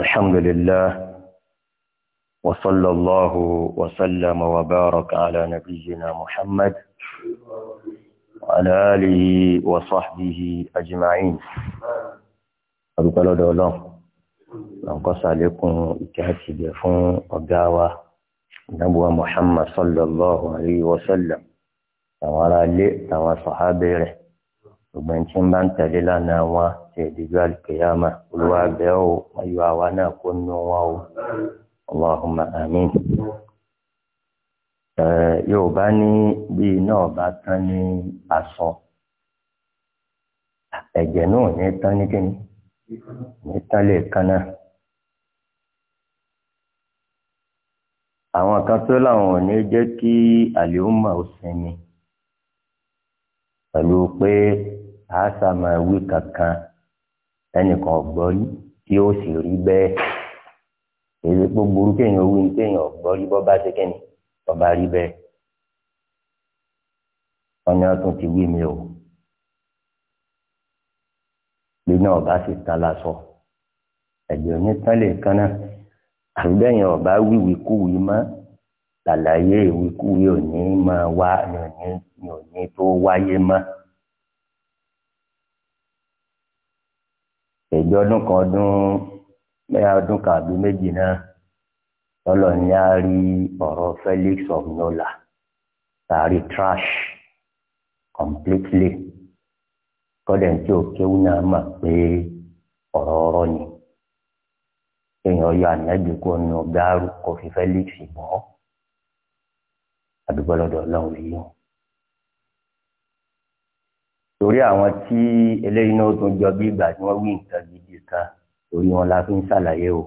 الحمد لله وصلى الله وسلم وبارك على نبينا محمد وعلى آله وصحبه أجمعين أبقى لدى الله نقص عليكم إكاتب فون وقاوة نبوة محمد صلى الله عليه وسلم àwọn ará ilé àwọn sàhábé rẹ̀ ṣùgbọ́n tí ṣe ìdíjọ àlùkìyàmà olúwa bẹ́ẹ̀ o Allahumma Yorùbá ọba tán ní aṣọ ẹ̀jẹ̀ náà ní tán n'itali kíni àwọn kan tó láwọn ò ní jẹ́ kí àlèhùnmá ẹnìkan ọ̀gbọ́rí tí ó sì rí bẹ́ẹ̀ èyí pé burú kéèyàn wí kéèyàn ọ̀gbọ́rí bọ́ bá ṣe kẹ́ni ọba rí bẹ́ẹ̀ ọ̀nà tún ti wí mi o bí náà ọba sì ta lásọ ẹ̀jẹ̀ onítàlẹ̀ kan náà àgbẹ̀yìn ọba wíwí kúwì mọ́ làlàyé ìwíkúwì ò ní máa wá ni ò ní tó wáyé mọ́. èdè ọdún kan ọdún mẹ́ta ọdún kan àbí méjì náà lọ́lọ́ ní a rí ọ̀rọ̀ Felix of Nola tààrí trash completely kọ́dẹ̀ tí ó kéwú náà mà pé ọ̀rọ̀ ọ̀rọ̀ ni èèyàn yọ ànágbè kó nu gáárù kó fi Felix bọ́ àdúgbò lọ́dọ̀ ọlọ́run yìí hàn torí àwọn tí eléyìí náà tún jọ bí ìgbà tí wọ́n wí nǹkan gidi kan torí wọn la fi ń ṣàlàyé o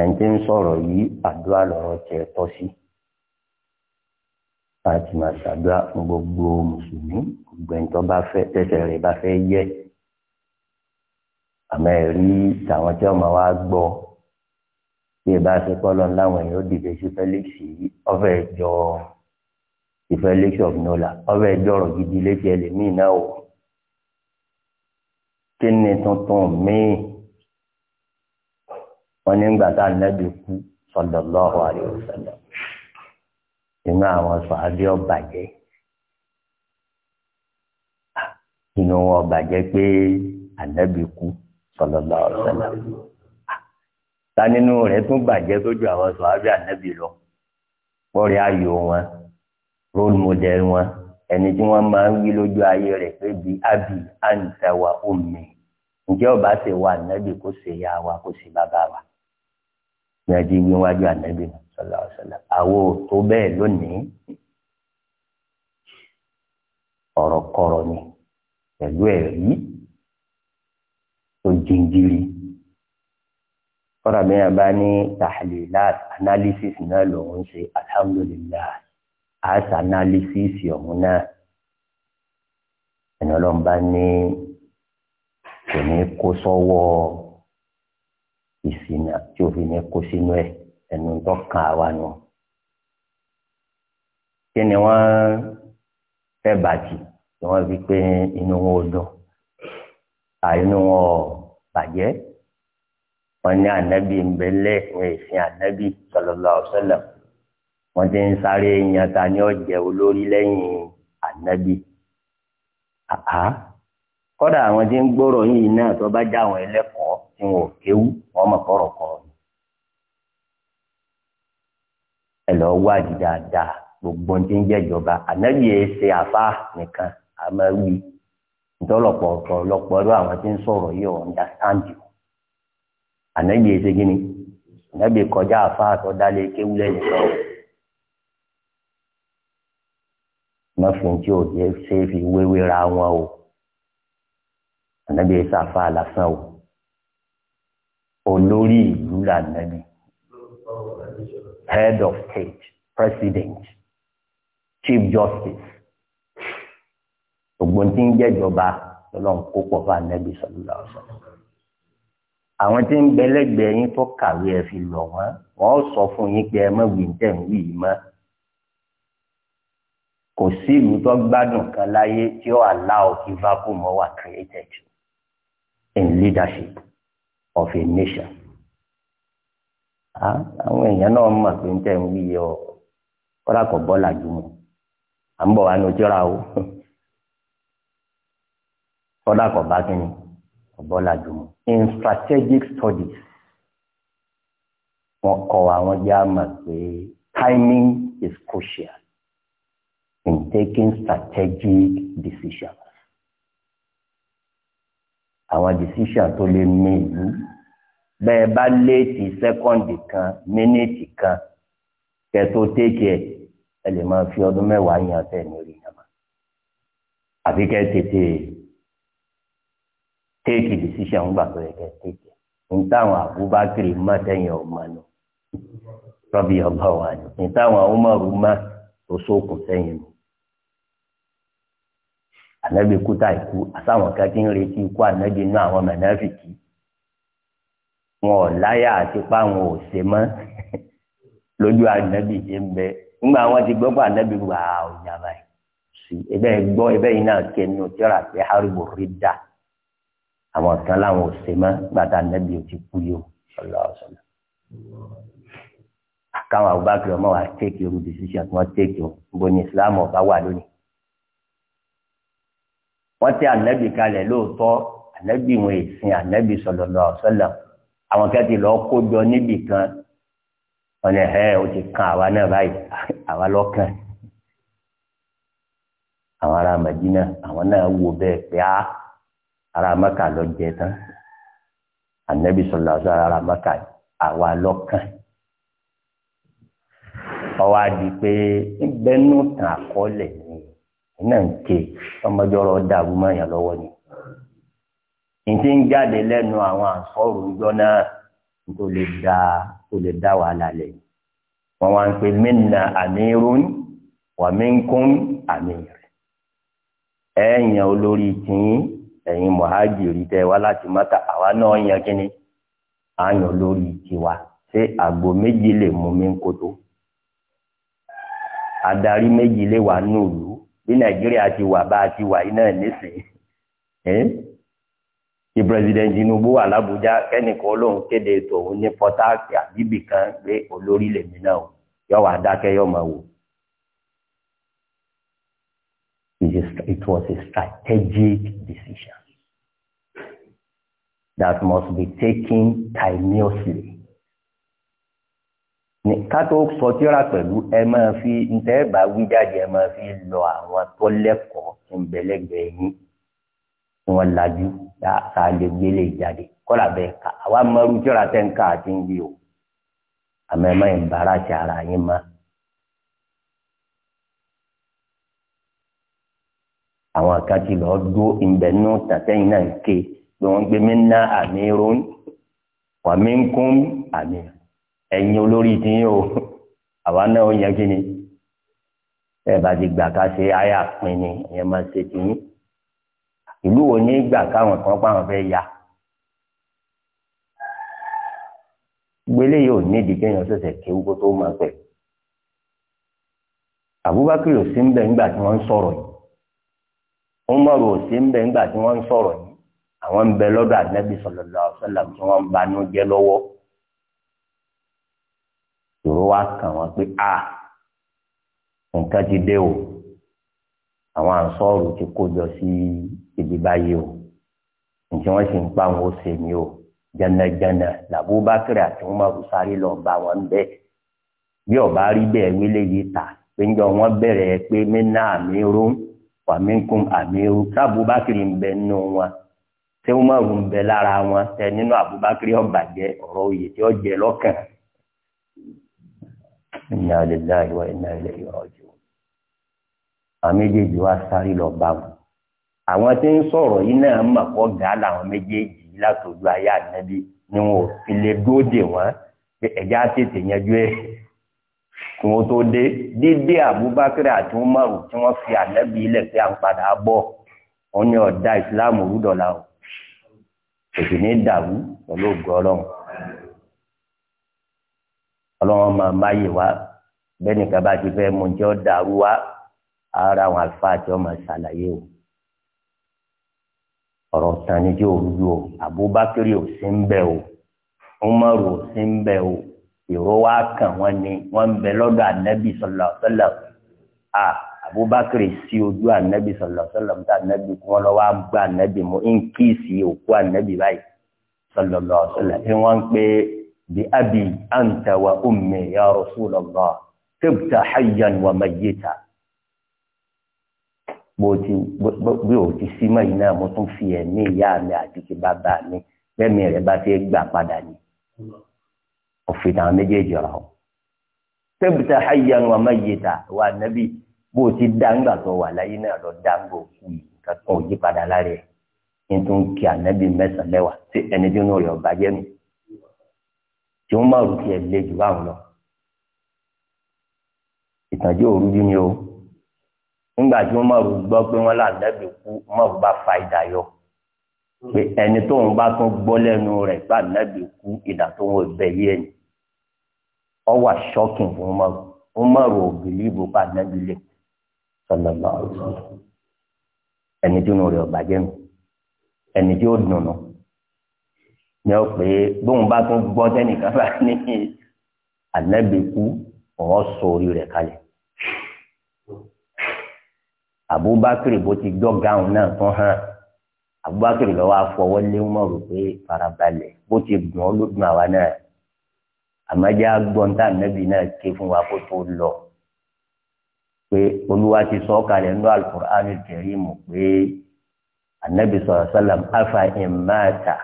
ẹni tí ń sọ̀rọ̀ yìí àdúrà lọ́rọ̀ tiẹ̀ tọ́ sí láti máa ṣàdúrà fún gbogbo mùsùlùmí gbogbo ẹni tó bá fẹ́ tẹ̀sẹ̀ rẹ̀ bá fẹ́ yẹ àmọ́ ẹ̀rí tàwọn tí wọ́n máa wá bí ẹ bá ṣe kọ́ lọ láwọn èèyàn ó dìde sí fẹ́lẹ́sì ọ̀fẹ́ jọ ìfẹ́ lẹ́kṣọ̀ ọ̀gbìnọ́là ọbẹ̀ ìjọrọ̀ gidi létí ẹlẹ́mìí náà o kí ni tuntun míì wọn ní gbà tá ànábì kú sallallahu alaihi wasallam inú àwọn sọ̀hábí ọ̀bàjẹ́ inú wọn ọ̀bàjẹ́ pé ànábì kú sallallahu alaihi wasallam ta nínú rẹ̀ tún bàjẹ́ tó àwọn sọ̀hábí ànábì lọ wọ́n rí ayò wọn role model wọn ẹni tí wọ́n máa ń wí lójú ayé rẹ̀ pé bíi abi anta wa ummi ǹjẹ́ ọba ṣe wà nẹ́bí kó ṣe ya wa kó ṣe bàbá wa ní ẹjí wíwájú ànẹ́bí sallallahu alaihi wasallam tó bẹ́ẹ̀ lónìí ọ̀rọ̀ kọ̀rọ̀ ni pẹ̀lú ẹ̀rí tó jìnjìrì kọ́ra mi àbá ní tahlilat analysis náà lòún ṣe alhamdulillah àṣà analysisi ọ̀hún náà ẹni ọlọ́run bá ní kò ní kó sọ́wọ́ ìsìnà tí òfin ní kó sínú ẹ̀ ẹnu tó kan àwa nù. kí ni wọ́n fẹ́ bàjì tí wọ́n fi pé inú wọn ò dùn àìnú wọn ò bàjẹ́ wọ́n ní ànábì ń bẹ́lẹ̀ wọ́n èsì ànábì sallallahu alaihi wọ́n ti ń sáré yan ní ni olórí lẹ́yìn ànábì àá kódà àwọn tí ń gbọ́rọ̀ yìí náà tó bá já àwọn ẹlẹ́kọ̀ọ́ tí wọn ò kéwú wọ́n mọ̀ kọ́rọ̀ kọ́ ẹ lọ gbogbo tí ànábì ṣe nìkan àmọ́ wí ọ̀tọ̀ ọdún àwọn tí ń sọ̀rọ̀ yìí ọ̀ mọ́fìn ò jẹ́ ṣe fi wéwé ra wọn o ànábì ṣàfà lásán o olórí ìlú lànàbì head of state president chief justice ògbón tí ń jẹ́jọba lọ́lọ́run kó pọ̀ fún ànábì sọ̀rọ̀ ọ̀sán àwọn tí ń bẹ lẹ́gbẹ̀ẹ́ yín tó kàwé ẹ̀ fi lọ̀ wọ́n wọ́n sọ fún yín pé ẹ mọ̀ wí tẹ̀ ń wí yìí mọ́ kò sí ìlú tó gbádùn kan láyé tí ó allow kí vacuum wà created in leadership of a nation. àwọn èèyàn náà mọ̀ pé ń tẹ̀ ń wí ọ kọ́dà kò bọ́ à ń bọ̀ wá nu tíra o kọ́dà bá kínní kò bọ́ làjú in strategic studies wọ́n kọ́ àwọn jẹ́ àmọ̀ pé timing is crucial in taking strategic decisions. Àwọn decision tó lè mí ìlú bẹ́ẹ̀ bá léètì sẹ́kọ́ǹdì kan mínítì kan kẹtó téèkì ẹ̀ ẹ lè máa fi ọdún mẹ́wàá yan tẹ̀ lórí yàrá. Àfi kẹ́ tètè téèkì decision gbà tó yẹ kẹ́ téèkì. Ní táwọn àbúbákiri mọ́ tẹ̀yìn ọ̀gbọ́n nù. Rọ́bì ọ̀gbọ́n wà ní. Ní táwọn ọmọ rú mọ́ tó sókun sẹ́yìn nù ànábì kúta ìkú àtàwọn kan ti ń retí ikú ànábì inú àwọn mọ̀nàfìkì wọn ò láyà àti pa àwọn ò ṣe mọ́ lójú ànábì ṣe ń bẹ nígbà wọn ti gbọ́ pé ànábì wà á ọjà báyìí sí ẹbẹ́ gbọ́ ẹbẹ́ yìí náà kẹnu tíọ́rà pé haribo rí dà àwọn kan láwọn ò ṣe mọ́ gbàtà ànábì ò ti kú yìí o ọlọ́ọ̀ṣọ́lá àkàwọn Abubakar ọmọ wa tẹ́kì irú decision tí wọ́n o bó ni Islam ọba wà lónìí. wọ́n tẹ anabi kalẹ̀ lóòótọ́ anabi wọn èsìn anabi sọlọlọ alaihi wasallam àwọn kẹ́tì lọ kó jọ níbì kan wọn ni ẹ o ti kan àwa náà báyìí àwa lọ́kàn àwọn ará Madina àwọn náà wò bẹ́ẹ̀ pé á ará Mẹ́kà lọ jẹ tán ànábì sallallahu alaihi wasallam ará Mẹ́kà àwa lọ́kàn ọwọ́ adi pé ń bẹ́nu tàn àkọọ́lẹ̀ ni. iná ń ké ọmọjọrọ dàrú ya lọwọ ni ntí ń jáde lẹ́nu àwọn àsọrù ìjọ náà tó lè dá tó lè dá wàhálà lẹ wọn wá ń pè minna amirun wa minkum amir ẹ̀yàn olórí tìyín ẹ̀yin mọ̀hájìrì tẹ wá láti mọ́ta àwa náà olórí tiwa ṣé àgbo méjì lè mú mi ń kótó adarí méjì lè wà bí nàìjíríà ti wà bá a ti wà iná nísìnyí ti president Tinubu wà lábújá kẹ́nìkan olóhùn kéde tòun ní pọ́tàkì àbíbì kan pé olórí lèmi náà o yọ wà dákẹ́ yọ máa wò. It was a strategic decision that must be taken timeously kátó sọtíra pẹ̀lú ẹ máa fi ntẹ́ bá wí jáde ẹ máa fi lọ àwọn tó lẹ́kọ̀ọ́ tí ń bẹ̀lẹ́gbẹ̀ yín tí wọ́n lajú tá a lè gbélé jáde kọ́lá bẹ́ẹ̀ ká àwa mọ́rú tíra tẹ́ ń ká àti ń wí o àmọ́ ẹ máa ń bára ti ara yín má. àwọn àkàtì lọ dó ìbẹ̀nú tàtẹ́yìn náà ké pé wọ́n gbé mí ná àmì irun wàmí ń kún àmì irun ẹ̀yin olórí ti yín o àwa náà ó yẹn kí ni bẹ́ẹ̀ bá ti gbà ká ṣe àyà pin ni ìyẹn máa ṣe ti yín ìlú wo ní gbà káwọn kan báwọn fẹ́ ya gbélé yìí ò nídìí kéèyàn ṣẹ̀ṣẹ̀ kéwú kó tó máa pẹ̀ Abubakar ò sí ń bẹ̀ nígbà tí wọ́n ń sọ̀rọ̀ yìí Umaru ò sí ń bẹ̀ nígbà tí wọ́n ń sọ̀rọ̀ yìí àwọn ń bẹ lọ́dọ̀ Ànábì sallallahu alaihi wasallam tí ń banú jẹ́ lọ́wọ́ ìṣòro wa kàn wọ́n pé a nǹkan ti dé o àwọn ànsọ́ọ̀rù ti kó jọ sí ibi báyìí o ǹjẹ́ wọ́n sì ń pa àwọn ọ̀sẹ̀ mi o jẹnẹjẹnẹ làbúbákẹ́rẹ́ àti wọn máa sáré lọ bá wọn bẹ́ẹ̀ bí ọba rí bẹ́ẹ̀ wílé yìí ta péjọ wọn bẹ̀rẹ̀ pé mẹ́nà àmì rún wàmínkùn àmì rún sábúbákẹ́rẹ́ ń bẹ nínú wọn tí wọn máa rún bẹ lára wọn tẹ nínú àbúbákẹ́rẹ́ ọ̀bàjẹ́ ọ̀rọ̀ òye tí ó jẹ lọ́kàn inna lillahi wa inna ilayhi raji'un. àwọn méjèèjì wá sáré lọ bá wọn. àwọn tí ń sọ̀rọ̀ yìí náà mọ̀ kọ́ gàá làwọn méjèèjì látòjú ayé ànábì ni wọn ò fi lè dóde wọn ẹ̀já tètè yanjú ẹ̀ kí wọ́n tó dé dídé Abubakar àti Umaru tí wọ́n fi ànábì ilẹ̀ pé à ń padà bọ̀ wọ́n ní ọ̀dà ìsìláàmù rúdọ̀là o kò sì ní dàrú pẹ̀lú ògùn ọlọ́run ọlọ́wọ́n máa má yè wá bẹ́ẹ̀ nìkan bá ti fẹ́ mú jẹ́ dàrú wá ara àwọn àlùfáà tí wọ́n máa ṣàlàyé o ọ̀rọ̀ tanijẹ́ òru o Abubakari ò sí ń bẹ̀ o Umaru ò sí ń bẹ̀ o ìró wa kàn wọ́n ni wọ́n ń bẹ lọ́dọ̀ Ànábì sallallahu alaihi wasallam a Abubakari sí ojú Ànábì sallallahu alaihi wasallam tá Ànábì kí lọ wá gba Ànábì mú ń kíìsì òkú Ànábì báyìí sallallahu alaihi wasallam ẹ wọ́n ń pè é bí abi anta wa ummi ya rasulallah tibta hayyan wa mayyita bó ti bí o ti sí mọ́ iná mo tún fi ẹ̀mí ìyá mi àti ti bàbá mi lẹ́mìí rẹ̀ bá ti gbà padà ni òfin àwọn méjèèjì ọ̀rọ̀ o. tẹ́bùtà hayyan wa mayyita wa nabi bó ti dáńgbà tó wà láyé náà lọ dáńgbà òkú yìí kankan ò yí padà lára ẹ̀ nítorí kí ànábì mẹ́sàn-án lẹ́wà tí ẹni tí wọ́n máa rù tiẹ̀ lé jù báwọn lọ. ìtànjẹ òru bí ni o nígbà tí wọ́n máa rù gbọ́ pé wọ́n là nẹ́bí kú máa rù bá fa ìdá yọ pé ẹni tó ń bá tún gbọ́ lẹ́nu rẹ̀ gbà nẹ́bí kú ìdá tó ń wọ ibẹ̀ yé ẹni ọ wà ṣọ́kìn fún máa rù wọ́n máa rù bá nẹ́bí lè sallallahu alaihi wasallam ẹni tí ó nù rẹ̀ ọ̀bàjẹ́ nù ẹni tí ó dùn nù ní ọ pé bóun bá tún gbọ́ tẹ́nìkan bá ní ànábì kú òun sọ orí rẹ̀ kalẹ̀ Abubakar bó ti gbọ́ gáwọn náà tún hàn Abubakar lọ́wọ́ afọwọ́ lé wọn rò pé farabalẹ̀ bó ti gùn ọ́ ló dùn àwa náà àmọ́já gbọ́ntà ànábì náà ké fún wa kó tó lọ pé olúwa ti sọ kalẹ̀ nínú alukur'an kẹrìmù pé ànábì sọ̀rọ̀ sálàm afa ìmáàtà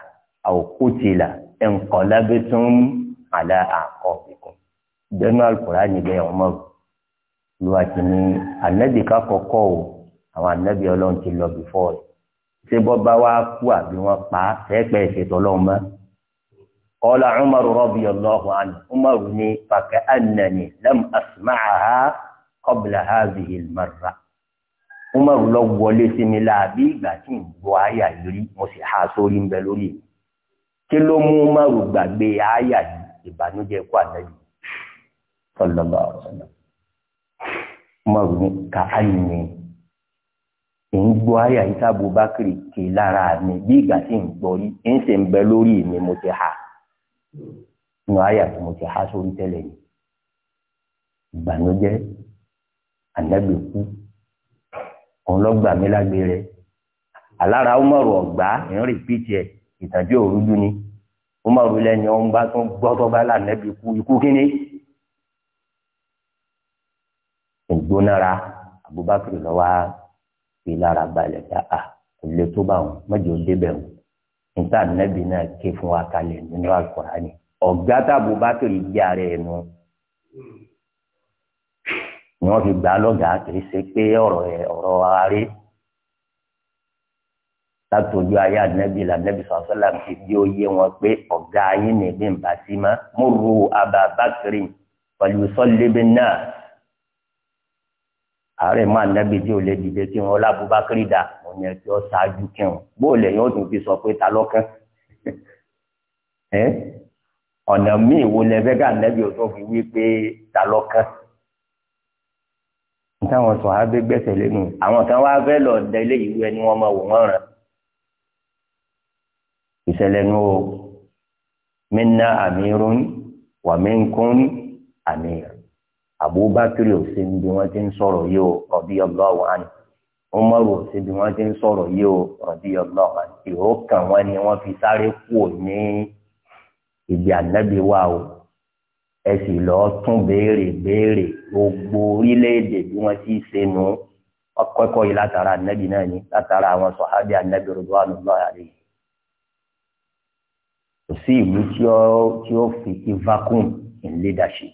aw qutila inqalabtum ala aqabikum bẹ́ẹ̀ni alukóra ni bẹ́ẹ̀ ọmọ lùwà tí ni anabi ká kọ́kọ́ o àwọn anabi ọlọ́run ti lọ bìfọ́ ẹ̀ ṣé bọ́ bá wá kú àbí wọ́n pa á sẹ́pẹ́ ìṣètò ọlọ́run mọ́. qala Umaru radiyallahu anhu Umaru ni fàkẹ́ ànàní lam asma'aha qabla hadhihi al-marra. Umaru lọ wọlé sí láàbí ìgbà ń gbọ́ àyà yìí mo sì há sórí ń bẹ lórí mi kí ló mú márùn gbàgbé àyà ìbànújẹ́ kó ànábì sọlọlọ ọsọlọ márùn ká àyìn ní ń gbọ́ àyà yìí sábò bákìrì kì í lára mi bí ìgbà tí ń gbọ́ rí ń sì ń bẹ lórí mi mo ti hà nù àyà tí mo ti hà sórí tẹ́lẹ̀ ni ìbànújẹ́ ànábì òun lọ gbà alára ó mọ̀rọ̀ ọ̀gbá ń rìpíìtì ẹ̀. ìtàjú òrújú ni ó máa rú lẹ́ni ọ̀hún bá tó gbọ́dọ̀ bá lànàbí ikú ikú kínní. ìgbónára Abubakar lọ́wọ́ fi lára balẹ̀ dá a kò lè tó bá wọn mọ́jọ́ débẹ̀ wọn níta nẹ́bí náà ké fún wa kalẹ̀ nínú ọ̀gá tá Abubakar yí ara ẹ̀ nu ni wọ́n fi gbà látòjú ayé ànábì lànàbì sọ̀sọ́là fi bí ó yé wọn pé ọ̀gá ayé ní ibi ìbá sí ma mo ru Aba Bakri pẹ̀lú sọ́lébé náà ààrẹ mọ ànábì tí ò lè dìde kí wọn lábúbákiri dà mo ní ẹtí ọ ṣáájú kí wọn bóòlù ẹ̀yìn ó tún fi sọ pé ta lọ́kàn ọ̀nà míì wo lẹ́fẹ́ ká ànábì ò fi wí pé ta lọ́kàn táwọn sọ̀ á lẹ́nu àwọn kan wá fẹ́ lọ da eléyìí wú ẹni wọn máa wò wọ́n rán ìṣẹ̀lẹ̀ nu o minna amirun wa minkum amir abubakar ò sí bí wọ́n ti ń sọ̀rọ̀ yìí o radiyallahu anhu umaru ò sí bí wọ́n ti ń sọ̀rọ̀ yìí o radiyallahu anhu ìhó kan wọn ni wọ́n fi sáré kúò ní ìdí ànábì wa o ẹ sì lọ tún béèrè béèrè gbogbo orílẹ̀-èdè bí wọ́n ti ṣe ọkọ̀ ẹ̀kọ́ yìí látara ànábì náà ni látara àwọn sọ̀hábì ànábì radiyallahu anhu sí ìlú tí ó tí ó fi ti vacuum in leadership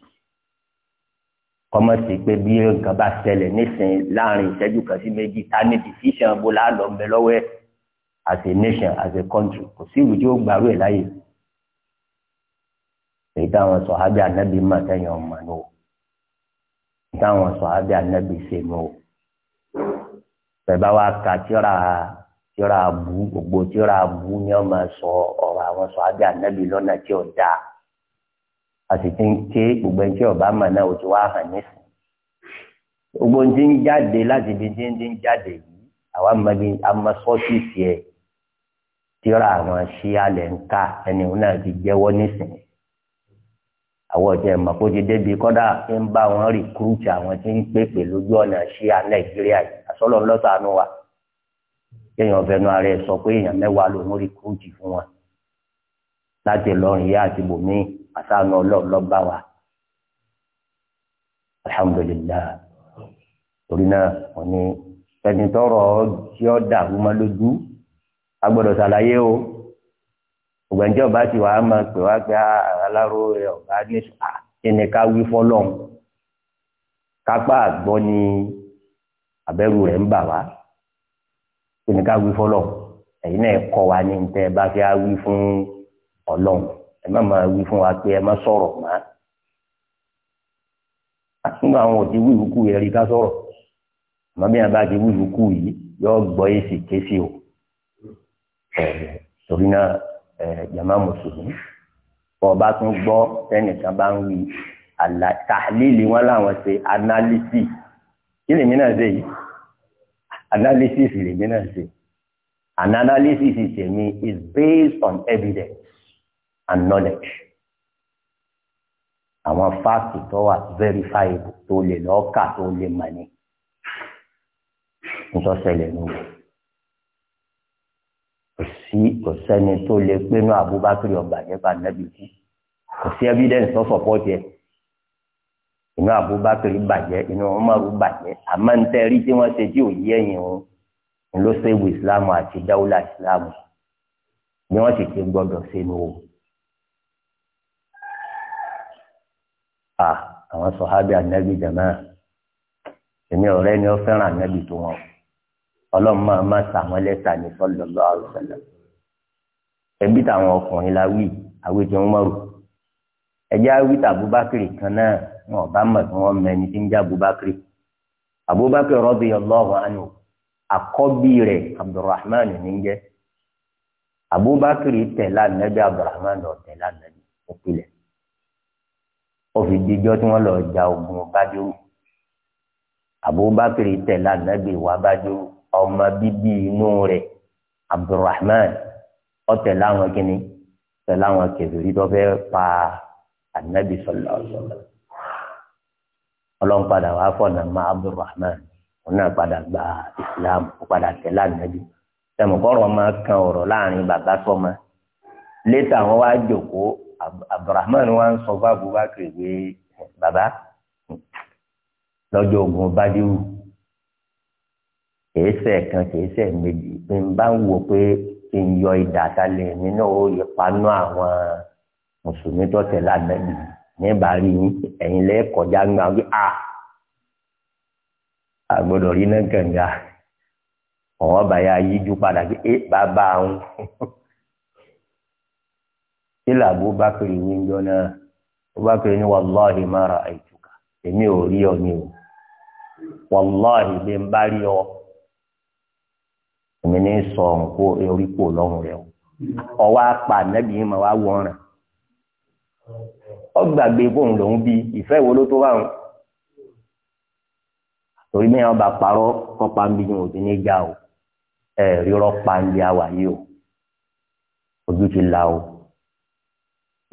kọ́mọ̀sí pé bí nǹkan bá ṣẹlẹ̀ nísìnyí láàrin ìṣẹ́jú kan sí méjì ta ní decision bó la lọ bẹ lọ́wọ́ ẹ̀ as a nation as a country kò sí ìlú tí ó gbàrú ẹ̀ láyè èyí táwọn sọ̀hábì ànábì mà sẹ́yìn ọmọ ní o táwọn sọ̀hábì ànábì ṣe ní o bẹ́ẹ̀ bá wa kà tíra tíra abu gbogbo tíra abu ni wọn máa sọ ọ̀rọ̀ àwọn sọ abẹ anabi lọ́nà tí ò dáa a sì ti ń ké gbogbo ẹni tí ọba mà náà ó ti wá hàn nísìn gbogbo ń ti ń jáde láti ibi tí ń ti ń jáde yìí àwa mọbi amasọ́ọ̀sì ẹ̀ tíra àwọn ṣíà lẹ̀ ń ká ẹni òun náà ti jẹ́wọ́ nísìn àwọn ọ̀jẹ̀ màkó ti débi kọ́dà ń bá wọn rìkúrútì àwọn tí ń pèpè lójú ọ̀nà ṣíà nàìjíríà yìí àsọlọ́ọ̀lọ́sàánú wa kéèyàn ọ̀fẹ́nu ara ẹ̀ sọ pé èèyàn mẹ́wàá ló ń rí kóòtù fún wọn láti lọrin yá àti bòmí àtàwọn ọlọ́run lọ bá wa alhamdulillah torí náà wọn ni ẹni tọrọ tí ó dààmú ma lójú a gbọ́dọ̀ ṣàlàyé o ògbẹ́njẹ́ ọba ti wàá máa pè wá pé ah, aláró ọba ní ẹni ah, ká wí fọlọ́n kápá àgbọ́ ni abẹ́rù rẹ̀ ń bà wá èmi ká wí fọlọ́ èyí náà kọ́ wa ní tẹ́ bá fi á wí fún ọlọ́run ẹ má máa wí fún wa pé ẹ má sọ̀rọ̀ mọ́ àtúntò àwọn òdi wíwúkú yẹn rí ká sọ̀rọ̀ àmọ́ bí wọn bá ti wíwúkú yìí yóò gbọ́ èsì kéṣì o torí náà jama mùsùlùmí bọ́ ọ tún gbọ́ tẹ́nìkan bá ń wí àlà tàlílì wọn làwọn ṣe analysis kí lèmi náà ṣe yìí analysis lèmi náà ṣe an analysis tèmi is based on evidence and knowledge àwọn fáàkì tó wà verifiable tó lè lọ́ọ̀kà tó lè mà ní ntọ́sẹ̀lẹ̀ nù kò sí kò sẹ́ni tó lè pinnu Abubakar ọgbà nípa nàbìkú kò sí evidence tó support yẹn inú Abubakar bàjẹ́ inú Umaru bàjẹ́ àmọ́ ń tẹ́rí tí wọ́n ṣe tí ò yí ẹ̀yìn o ń ló ṣèwé islam àti dáwúlà islam ni wọ́n sì ti gbọ́dọ̀ sínú o. àwọn sọ̀hábì ànábì jàmá èmi ọ̀rẹ́ ni ó fẹ́ràn ànábì tó wọn ọlọ́run máa má sa àwọn lẹ́tà ní sallallahu alaihi wasallam ẹbí táwọn ọkùnrin la wí àwí tí ẹjẹ́ awíta abubakar kan náà wọn ọba mọ̀ kí wọ́n mẹ́ni tí ń jẹ́ abubakar abubakar radiyallahu anhu àkọ́bí rẹ̀ abdulrahman ní ń jẹ́ abubakar tẹ̀lá nàbí abdulrahman lọ tẹ̀lá nàbí òpìlẹ̀ ó fi dijọ́ tí wọ́n lọ ja ogun bájúrú abubakar tẹ̀lá nàbí wà bájúrú ọmọ bíbí inú rẹ̀ abdulrahman ó wọn kínní tẹ̀lá wọn kẹfìrí tó fẹ́ pa anabi sọlá ọsọlá ọlọ́run padà wàá fọ̀nà máa abdulrahman òun náà padà gba islam ó padà tẹ̀lé anabi tẹmukọ́rọ̀ máa kan ọ̀rọ̀ láàrin bàbá sọ́mọ létà wọn wá jókòó abdulrahman wá ń sọ fún abubakar pé bàbá lọ́jọ́ ogun badiru kìí ṣe kan kìí ṣe méjì ń bá ń wò pé kí n yọ ìdàkalẹ̀ mi náà àwọn. mùsùlùmí tó tẹ ànábì ní rí yín ẹ̀yin lẹ́ẹ̀kọ́já ń gbà wí ah, a àgbọ̀dọ̀ rí náà yíjú padà pé é eh, bàbá àwọn ilà abubakar wíńjọ náà abubakar ní wàláhì má ra èmi ò rí ọ ní o wàláhì bí n bá rí ọ èmi ní sọ nǹkó orí kò lọ́hùn rẹ o ọwọ́ apá yìí wá wọ̀ràn. ọgbàgbé fóun lòún bí ìfẹ́ ìwo ló tó wà ń torí bí wọn bá parọ́ kọ́pa ń bí wọn ò sí ní já o ẹ rírọ́ pa ń bí àwà yìí o ojú ti là o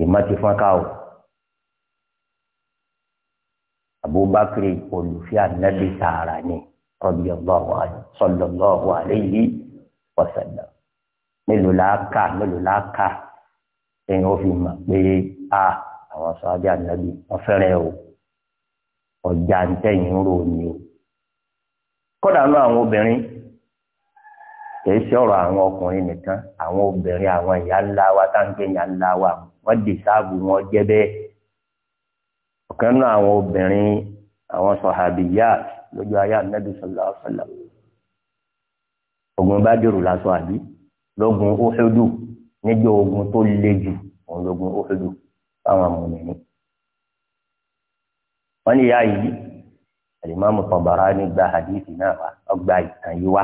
ìmọ̀ ti fọ́n ká o Abubakar olùfẹ́ ànábì tààrà ni radiyallahu anhu sallallahu alayhi wa sallam mélòó la kà mélòó la kà ẹ̀yin ó fi mọ̀ pé a àwọn sọ́jà nàbí wọ́n fẹ́rẹ̀ o ọjà ń tẹ̀yìn rò ní o. kódà náà àwọn obìnrin kìí ṣe ọ̀rọ̀ àwọn ọkùnrin nìkan àwọn obìnrin àwọn ìyá ńlá wa táǹkì ìyá ńlá wa wọ́n dì sáàbù wọn jẹ́ bẹ́ẹ̀. ọ̀kan náà àwọn obìnrin àwọn sọ̀hábìyà lójú ayé ànábì sallallahu alaihi wasallam. ogun bá dèrò lásán àbí lógun ó fẹ́ dù níjọ́ ogun tó le jù òun lógun ó fẹ́ dù. fáwọn ya wọ́n ní ìyá yìí alimami Tabarani gba hadithi náà wá ọgbà ìtàn yìí wá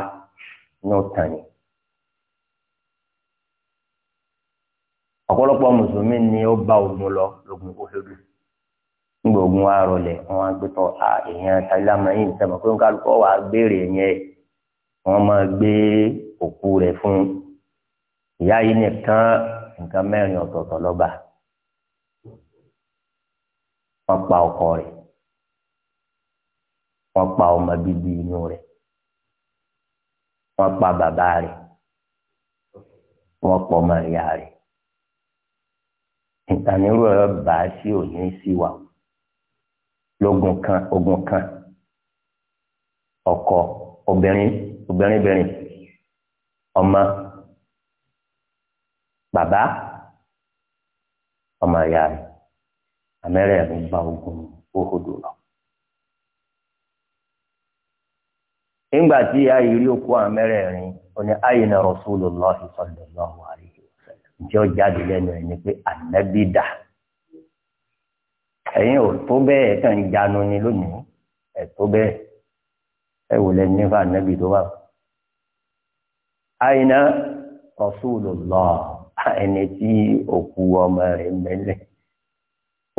ní tàn ní. ọ̀pọ̀lọpọ̀ mùsùlùmí ni ó bá ogun lọ lógun nígbà ogun wa rọlẹ̀ wọ́n á gbé tọ́ a èèyàn tálámà yìí pé wà á yẹn wọ́n máa gbé òkú rẹ̀ fún ìyá yìí nìkan nǹkan mẹ́rin ọ̀tọ̀ọ̀tọ̀ lọ́ba. wọ́n pa ọkọ rẹ̀ wọ́n pa ọmọ bíbí inú rẹ̀ wọ́n pa bàbá rẹ̀ wọ́n pọ̀ ọmọ ìyá rẹ̀ ìtànírú ọ̀rọ̀ bá a sí òní sí wa lógun kan ogun kan ọkọ obìnrin obìnrin bìnrin ọmọ bàbá ọmọ ìyá rẹ̀ amẹ́rẹ̀ẹ̀rin bá ogun òhòdò lọ. nígbà tí ìyá yìí rí òkú amẹ́rẹ̀ẹ̀rin ó ní ayna sallallahu alaihi wasallam ǹjẹ́ ó jáde lẹ́nu ẹ̀ ni pé ànábì dà ẹ̀yin o, tó bẹ́ẹ̀ kàn jánu ni lónìí ẹ̀ tó bẹ́ẹ̀ ẹ̀ wò lẹ́nu tó Rasulullah tí òkú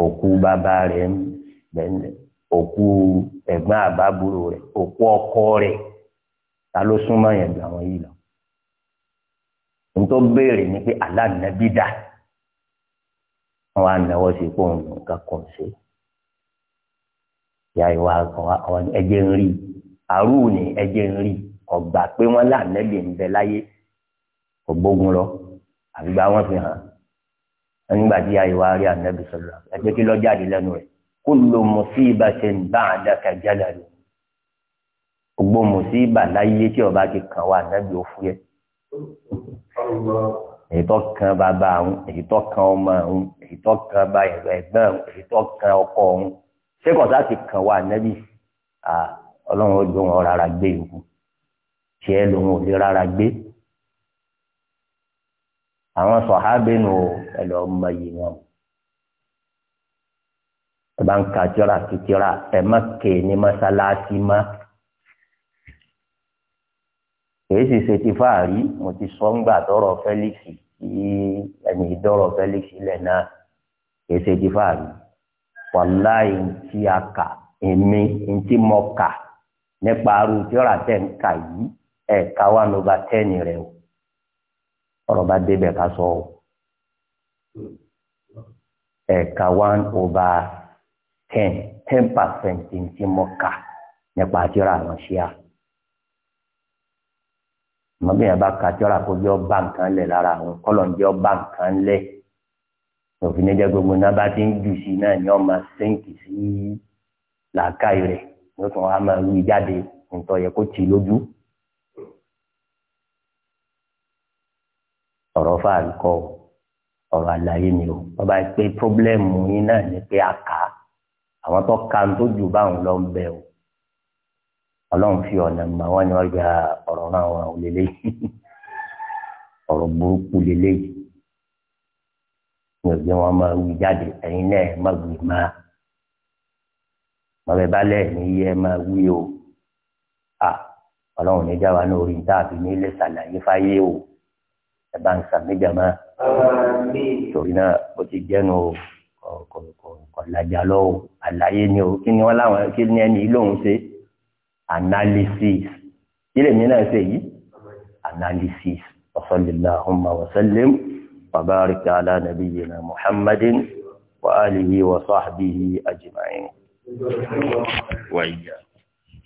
òkú bàbá rẹ̀ ń bẹ̀ẹ́ òkú ẹ̀gbọ́n àbábúrò rẹ̀ òkú ọkọ rẹ̀ ta ló súnmọ́ yẹn ju àwọn yìí lọ. nítorí béèrè ni pé aláǹdàbí dà wọn á náwó sí pé òun nǹkan kan ṣe ìyá ìwà ẹ̀jẹ̀ ń rí àrùn ní ẹ̀jẹ̀ ń rí ọgbà pé wọn láǹdàbí ń bẹ láyé ọgbógun lọ àgbà wọn fi hàn nígbà tí àyíwá rí ànábì sọ̀rọ̀ ẹgbẹ́ kí lọ́ọ́ jáde lẹ́nu rẹ̀ kullu musibatin ba'daka jalal gbogbo mùsíbà láyé tí ọba ti kàn wá ànábì òfu yẹ èyí tó kan bàbá òun èyí tó kan ọmọ òun èyí tó kan bàyẹ̀rọ ẹ̀gbọ́n òun èyí tó kan ọkọ òun ṣé ti kàn wá ànábì ọlọ́run ó wọn rárá gbé yòókù tiẹ̀ lòun ò lè rárá gbé àwọn sọ̀hábìnú ẹ̀lọ́ ọmọ yìí wọn. ẹ bá ń ka tíra títíra ẹ má ké ní mọ́sálásí má. èyí sì ṣe ti fáàrí mo ti sọ ń gbà dọ́rọ̀ Felix tí ẹnì dọ́rọ̀ Felix lẹ̀ náà èyí ṣe ti fáàrí. wàláì tí a kà èmi ntí mo kà nípa arú tíra tẹ̀ ń kà yìí ẹ̀ka one over ten rẹ̀ o ọ̀rọ̀ bá débẹ̀ ká sọ ọ́ ẹ̀ka one over ten ten percent tí mo kà nípa àtìrà àwọn ṣíà mọ̀bìyàn bá ka àtìrà kó jọ bá nǹkan lẹ̀ lára àwọn kọ́lọ̀ ń jọ bá nǹkan lẹ̀ òfin ní jẹ́ gbogbo náà bá ti ń jù sí náà ni ọmọ sẹ́ǹkì sí làákàyè rẹ̀ ló tún wá máa wí jáde nítorí kó tì lójú. ọ̀rọ̀ fáàrí kọ́ ọ̀rọ̀ àlàyé ni o wọ́n bá pé pọ́blẹ́mù yín náà ni pé a kà á àwọn tó ka ń tó jù báwọn lọ ń bẹ o ọlọ́run fi ọ̀nà mọ̀ wọ́n ni wọ́n gba ọ̀rọ̀ náà wọn ò lélẹ̀ ọ̀rọ̀ burúkú lélẹ̀ yìí mi wọn máa wí jáde ẹ̀yin náà má wí máa mọ̀bẹ balẹ̀ ní yẹ máa wí o ọlọ́run ní jáwa náà orí ní tàbí ní ilé ṣàlàyé fáyé o ẹ bá ń sàmì jàmá torí náà ó ti jẹnu kọ̀ọ̀kọ̀ọ̀kọ̀lájà lọ́wọ́ àlàyé ni o kí analysis kí lèmi náà analysis wasalilahumma wasalim wabarika ala nabiyina muhammadin wa alihi wa sahbihi ajma'in wa